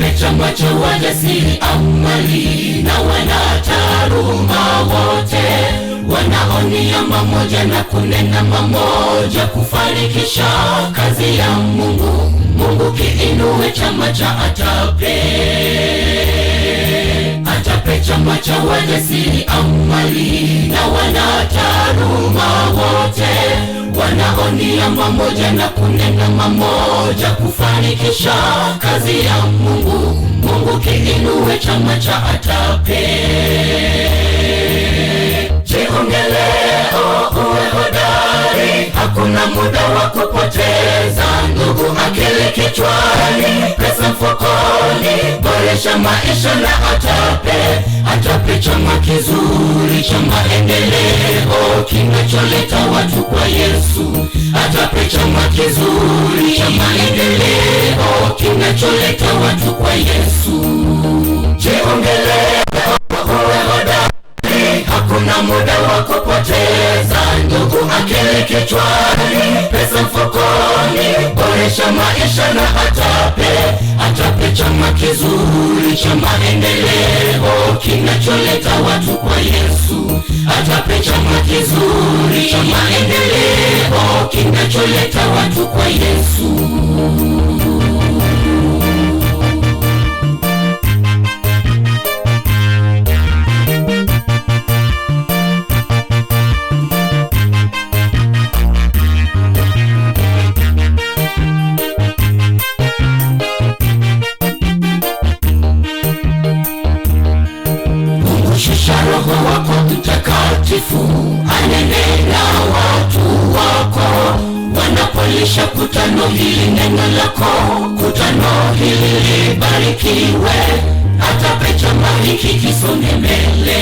Kichape macho wajasiri amali na wanataaluma wote wanaonia mamoja na kunena mamoja kufanikisha kazi ya Mungu. Mungu kiinue chama cha Atape, Atape chama cha wajasiri au mali na wanataaluma wote wanaonia mamoja na kunena mamoja kufanikisha kazi ya Mungu. Mungu kiinue chama cha ATAPE, jiunge uwe hodari, hakuna muda wa kupoteza. Ndugu, akili kichwani, pesa mfukoni, boresha maisha na ATAPE. ATAPE chama kizuri cha maendeleo kinacholeta watu kwa Yesu, atape chama kizuri cha maendeleo, kinacholeta watu kwa Yesu. Je, ongelea uwe hakuna muda wa kupoteza, ndugu akili kichwani, pesa mfukoni, boresha maisha na atape Tuchape chama kizuri cha maendeleo kinacholeta watu kwa Yesu. Atape chama kizuri cha maendeleo kinacholeta watu kwa Yesu. Mtakatifu anenena watu wako wanapolisha kutano hili neno lako. Kutano hili libarikiwe, hata chama hiki kisonge mbele.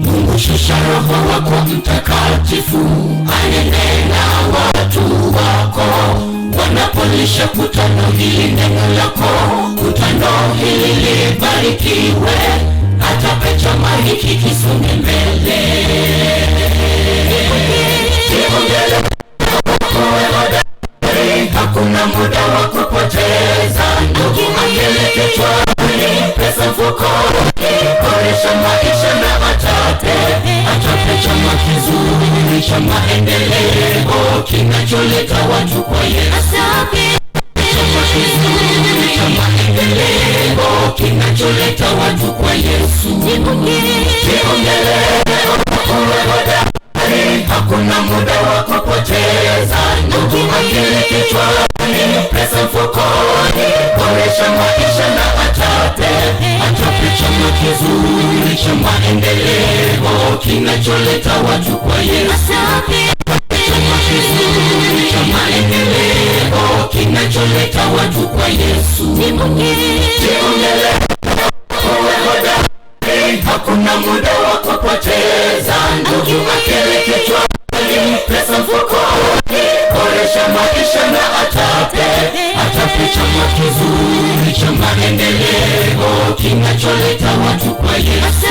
Mungu shusha Roho wako Mtakatifu anenena watu wako wanapolisha kutano hili neno lako. Kutano hili libarikiwe hiki kisonge mbele hakuna muda wa kupoteza akili kichwani pesa mfukoni boresha maisha na achape atape chama kizuri cha maendeleo kinacholeta watu kwa yesu chama kizuri cha maendeleo kinacholeta watu kwa Yesu. Hakuna muda wa kupoteza, akili kichwani, pesa mfukoni, boresha maisha na achape achape chama kizuri cha maendeleo kinacholeta watu kwa Yesu, chama kizuri cha maendeleo kinacholeta watu kwa Yesu. ataendesha maisha na atape, atape chama kizuri cha maendeleo kinacholeta watu kwa Yesu.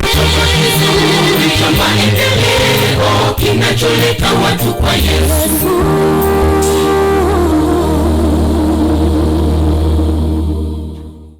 Chama kizuri cha maendeleo kinacholeta watu kwa Yesu.